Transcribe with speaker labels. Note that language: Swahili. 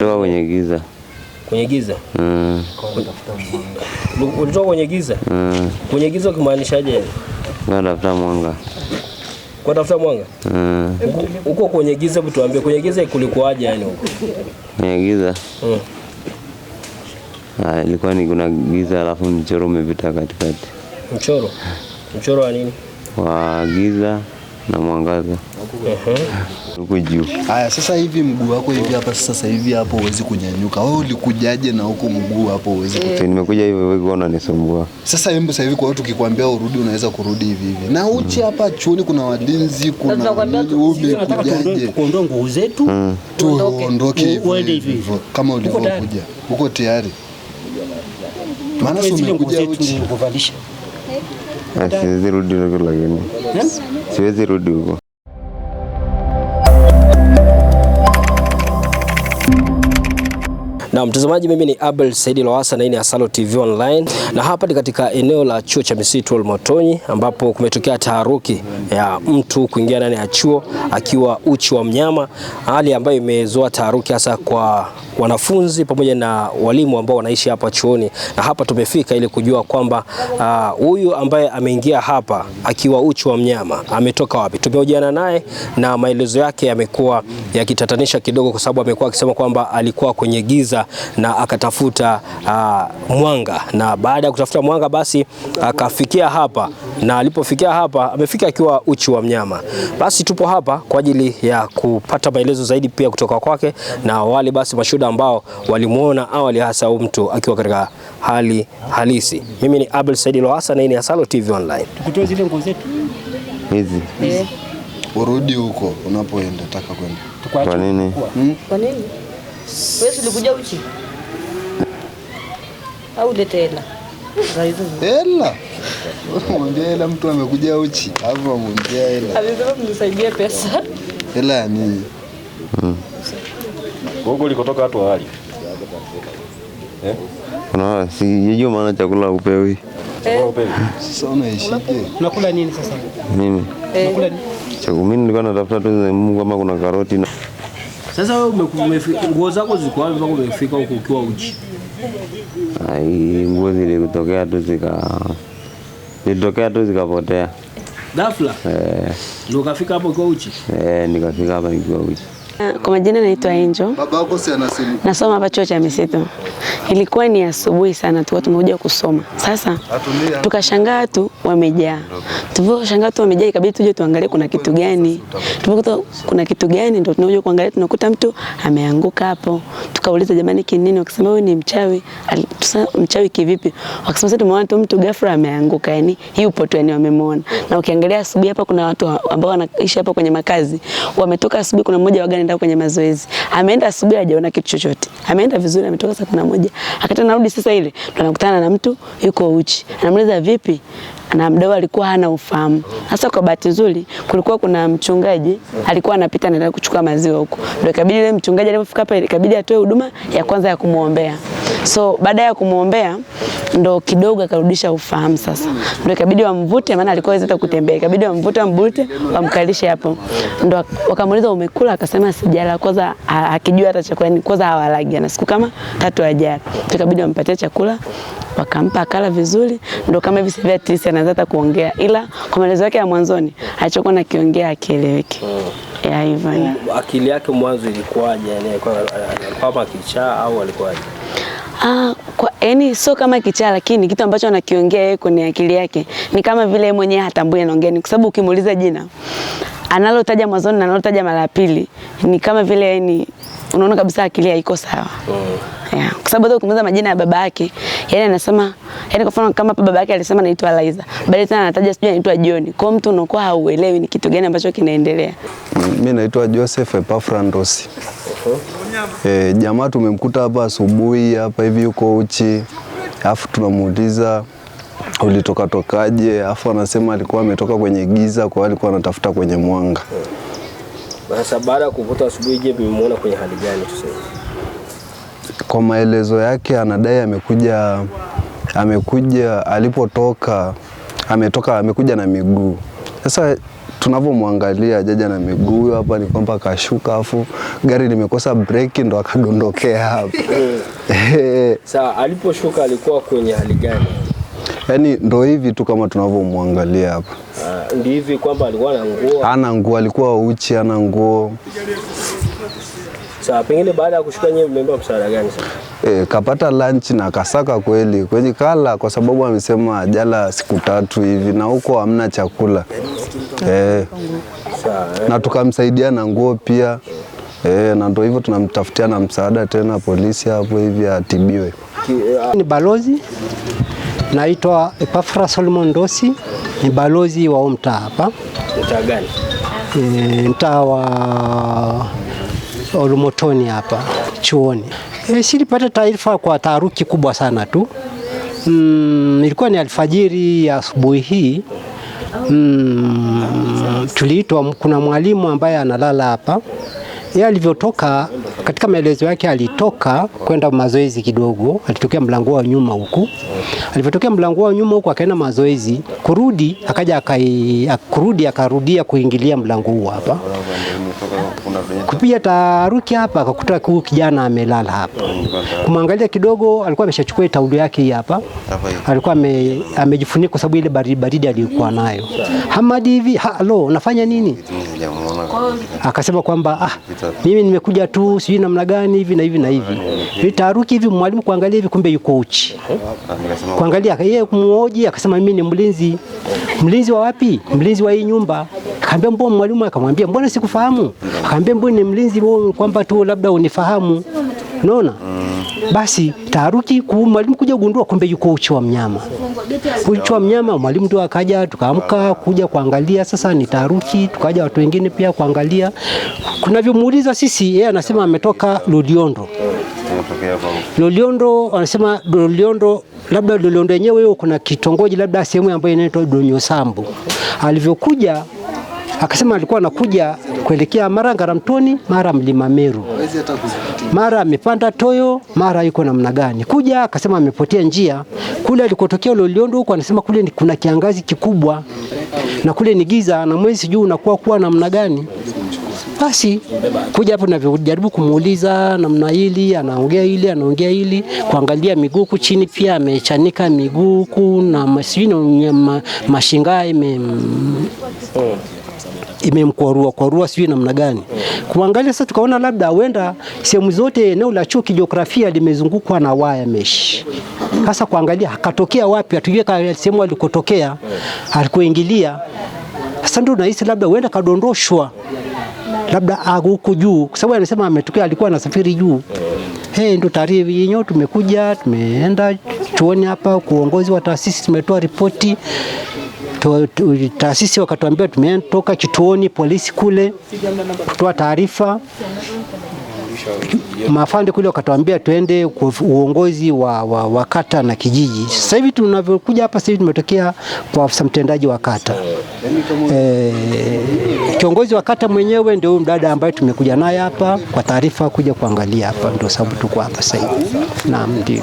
Speaker 1: Toka kwenye giza. Kwenye giza? Mm.
Speaker 2: mwanga. kwenye giza? Mm. Kwenye giza ukimaanishaje?
Speaker 1: Kwa kutafuta mwanga. Kwa kutafuta mwanga? Mm.
Speaker 2: Uko kwenye giza kutuambia kwenye giza kulikuwaje yani huko? Kwenye giza? Mm.
Speaker 1: Ah, ilikuwa ni kuna giza alafu mchoro umepita katikati.
Speaker 2: Mchoro? Mchoro wa nini?
Speaker 1: Wa giza na mwangaza huko juu.
Speaker 3: Haya, sasa hivi mguu wako hivi hapa sasa hivi hapo huwezi kunyanyuka. Wewe ulikujaje na huko mguu hapo huwezi kunyanyuka?
Speaker 1: Eh. Nimekuja hivi wewe unaona nisumbua.
Speaker 3: Sasa hebu sasa hivi kwa watu ukikwambia urudi unaweza kurudi hivi hivi. Na uchi hapa chuoni kuna walinzi, kuna ube kujaje?
Speaker 2: Kuondoa nguvu zetu.
Speaker 1: Hmm.
Speaker 3: Tuondoke hivi kama ulivyokuja. Uko tayari? Maana sio umekuja uchi kuvalisha.
Speaker 1: Ah, siwezi rudi huko lakini, eh? siwezi rudi huko.
Speaker 4: Na mtazamaji, mimi ni Abel Saidi Lowassa na hii ni Asalo TV Online, na hapa ni katika eneo la chuo cha misitu Olmotonyi ambapo kumetokea taharuki ya mtu kuingia ndani ya chuo akiwa uchi wa mnyama, hali ambayo imezoa taharuki hasa kwa wanafunzi pamoja na walimu ambao wanaishi hapa chuoni, na hapa tumefika ili kujua kwamba uh, huyu uh, ambaye ameingia hapa akiwa uchi wa mnyama ametoka wapi. Tumehojiana naye na maelezo yake yamekuwa yakitatanisha kidogo, kwa sababu amekuwa akisema kwamba alikuwa kwenye giza na akatafuta uh, mwanga na baada ya kutafuta mwanga basi akafikia hapa, na alipofikia hapa amefika akiwa uchi wa mnyama. Basi tupo hapa kwa ajili ya kupata maelezo zaidi pia kutoka kwake na wale basi mashuhuda ambao walimwona awali, hasa huyu mtu akiwa katika hali halisi. Mimi ni Abel Said Lohasa na hii ni Asalo TV Online.
Speaker 2: Tukutoe zile nguo zetu hizi eh.
Speaker 3: urudi huko unapoenda, taka kwenda.
Speaker 1: Kwa nini?
Speaker 2: Hmm? Kwa nini? Wewe ulikuja uchi au lete hela?
Speaker 3: Hela mwambia hela, mtu amekuja uchi Hapo amwambia hela,
Speaker 2: alisema mnisaidie pesa.
Speaker 3: Hela ya nini?
Speaker 1: Hmm.
Speaker 5: Huko ulikotoka watu hawali
Speaker 1: eh? na yeye maana chakula upewi.
Speaker 2: Eh?
Speaker 3: Sasa unaishije?
Speaker 2: Unakula nini sasa? Eh?
Speaker 1: Mimi nilikuwa natafuta tu Mungu, kama kuna karoti na
Speaker 2: sasa wewe nguo zako ziko wapi mpaka umefika huko ukiwa uchi?
Speaker 1: Nguo zilikutokea tu zika zilitokea tu zikapotea ghafla. Eh,
Speaker 2: ndio kafika hapo kwa uchi?
Speaker 1: Eh, nikafika hapa kwa uchi.
Speaker 6: Eh, kwa majina naitwa Angel. Baba si ana Nasoma hapa chuo cha misitu. Ilikuwa ni asubuhi sana tulikuwa tumekuja kusoma. Sasa tukashangaa tu wamejaa. Tulivyoshangaa tu wamejaa ikabidi tuje tuangalie kuna kitu gani. Tulipokuta kuna kitu gani ndio tunakuja kuangalia tunakuta mtu ameanguka hapo. Kauliza, jamani kinini? Wakisema wewe ni mchawi. Tusa, Mchawi kivipi? Wakisema sasa tumeona tu mtu ghafla ameanguka, yani hii upo tu, yani wamemwona. Na ukiangalia asubuhi hapa kuna watu ambao wanaishi hapa kwenye makazi wametoka asubuhi. Kuna mmoja wagani ndio kwenye mazoezi ameenda asubuhi, hajaona kitu chochote, ameenda vizuri, ametoka saa 11 akata narudi sasa, ile tunakutana na mtu yuko uchi, anamuuliza vipi na mdau alikuwa hana ufahamu. Sasa kwa bahati nzuri kulikuwa kuna mchungaji alikuwa anapita anaenda kuchukua maziwa huko. Ndio ikabidi ile mchungaji alipofika hapa ikabidi atoe huduma ya kwanza ya kumwombea. So baada ya kumwombea ndo kidogo akarudisha ufahamu sasa, Ndio ikabidi wamvute, maana alikuwa hawezi kutembea, ikabidi wamvute, wambute, wamkalishe hapo, Ndio wakamuuliza umekula? Akasema sijala, kwanza akijua hata chakula ni kwanza hawalagi na siku kama tatu ajala, ikabidi wampatie chakula wakampa akala vizuri, ndo kama hivi sivyo, tisi anaanza hata kuongea, ila kwa maelezo yake ya mwanzoni alichokuwa nakiongea akieleweki. Ya hivyo
Speaker 5: akili yake mwanzo ilikuwaje? Yani alikuwa kama kichaa au alikuwaje?
Speaker 6: Ah, kwa yani sio kama kichaa, lakini kitu ambacho anakiongea yeye kwenye akili yake ni kama vile yeye mwenyewe hatambui anaongea nini, kwa sababu ukimuuliza jina analotaja mwanzoni na analotaja mara ya pili ni kama vile yani unaona kabisa akili haiko sawa. Mm. Yeah. Kwa sababu hata ukimuuliza majina ya baba yake, yani anasema yani kwa mfano kama baba yake alisema anaitwa Liza, bali tena anataja sijui anaitwa John. Kwa mtu unakuwa hauelewi ni kitu gani ambacho kinaendelea.
Speaker 7: Mimi naitwa Joseph Uh -huh. E, jamaa tumemkuta hapa asubuhi hapa hivi yuko uchi, alafu tunamuuliza ulitoka tokaje, alafu anasema alikuwa ametoka kwenye giza, kwa alikuwa anatafuta kwenye mwanga.
Speaker 5: Sasa baada ya kuvuta asubuhi, je, mmemuona kwenye hali gani
Speaker 7: Kwa maelezo yake anadai amekuja amekuja alipotoka ametoka amekuja na miguu. Sasa tunavyomwangalia Jaja na miguu hapa ni kwamba kashuka, afu gari limekosa breki ndo akadondokea hapa.
Speaker 5: Eh. Sawa, aliposhuka alikuwa kwenye hali gani?
Speaker 7: Yaani ndo hivi tu kama tunavyomwangalia hapa.
Speaker 5: Ah, Ndio hivi kwamba alikuwa na nguo.
Speaker 7: Ana nguo, alikuwa uchi, ana nguo.
Speaker 5: Sawa, pengine baada ya kushuka nyewe mmeomba msaada gani sasa?
Speaker 7: E, kapata lunch na kasaka kweli kwenye kala, kwa sababu amesema jala siku tatu hivi na huko hamna chakula e, na tukamsaidia na nguo pia e, na ndio hivyo tunamtafutia na msaada tena polisi hapo hivi atibiwe.
Speaker 8: Ni balozi naitwa Epafra Solomon Ndosi, ni balozi wa mtaa hapa. Mtaa gani? E, mtaa wa Olumotoni hapa chuoni. E, eh, silipata taarifa kwa taharuki kubwa sana tu. Mm, ilikuwa ni alfajiri ya asubuhi hii. Mm, tuliitwa, kuna mwalimu ambaye analala hapa. Yeye alivyotoka katika maelezo yake alitoka kwenda mazoezi kidogo, alitokea mlango wa nyuma huku. Alipotokea mlango wa nyuma huku akaenda mazoezi, kurudi akaja akai, akarudia kuingilia mlango huu hapa, kupiga taruki hapa, akakuta huyu kijana amelala hapa. Kumwangalia kidogo, alikuwa ameshachukua taulo yake hapa, alikuwa ame, amejifunika kwa sababu ile baridi baridi aliyokuwa nayo. Hamadi hivi, halo, unafanya nini? Akasema kwamba ah, mimi nimekuja tu sijui namna gani hivi na hivi na hivi vitaruki hivi, mwalimu kuangalia hivi, kumbe yuko uchi, kuangalia yeye kumuoji, akasema mimi ni mlinzi. Mlinzi wa wapi? Mlinzi wa hii nyumba. Akaambia mbona mwalimu? Akamwambia mbona sikufahamu? akamwambia mbona ni mlinzi wao, kwamba tu labda unifahamu. Unaona? Basi taharuki mwalimu kuja gundua kumbe yuko uchi wa mnyama. Uchi wa mnyama mwalimu ndo akaja, tukaamka kuja kuangalia, sasa ni taharuki. Tukaja watu wengine pia kuangalia, kunavyomuuliza sisi, yeye anasema ametoka Loliondo. Loliondo anasema Loliondo, labda Loliondo yenyewe kuna kitongoji labda sehemu ambayo inaitwa Donyosambu. Alivyokuja Akasema alikuwa anakuja kuelekea mara Ngaramtoni, mara Mlima Meru, mara amepanda Toyo, mara yuko namna gani kuja. Akasema amepotea njia kule alikotokea Loliondo huko, anasema kule kuna kiangazi kikubwa na kule ni giza na mwezi sijui unakuwa kuwa namna gani. Basi kuja hapo na kumuuliza namna hili, anaongea hili, anaongea hili, kuangalia miguu huku chini, pia amechanika miguu huku na mashinga ime imemkwarua kwarua, sijui namna gani kuangalia. Sasa tukaona labda huenda sehemu zote eneo la chuo kijiografia limezungukwa na waya mesh. Sasa kuangalia akatokea wapi, hatujue sehemu alikotokea alikuingilia. Sasa ndio nahisi labda huenda kadondoshwa labda huko juu, kwa sababu anasema ametokea, alikuwa anasafiri juu. Hey, ndo taarifa yenyewe. Tumekuja tumeenda chuoni hapa, kuongozi wa taasisi tumetoa ripoti taasisi wakatuambia tumetoka kituoni polisi kule kutoa taarifa. Mafande kule wakatuambia tuende kwa uongozi wa, wa, wa kata na kijiji. Sasa hivi tunavyokuja hapa sasa hivi tumetokea kwa afisa mtendaji wa kata. E, kiongozi wa kata mwenyewe ndio huyu mdada ambaye tumekuja naye hapa kwa taarifa kuja kuangalia hapa, ndio sababu tuko hapa sasa hivi. Naam, ndio.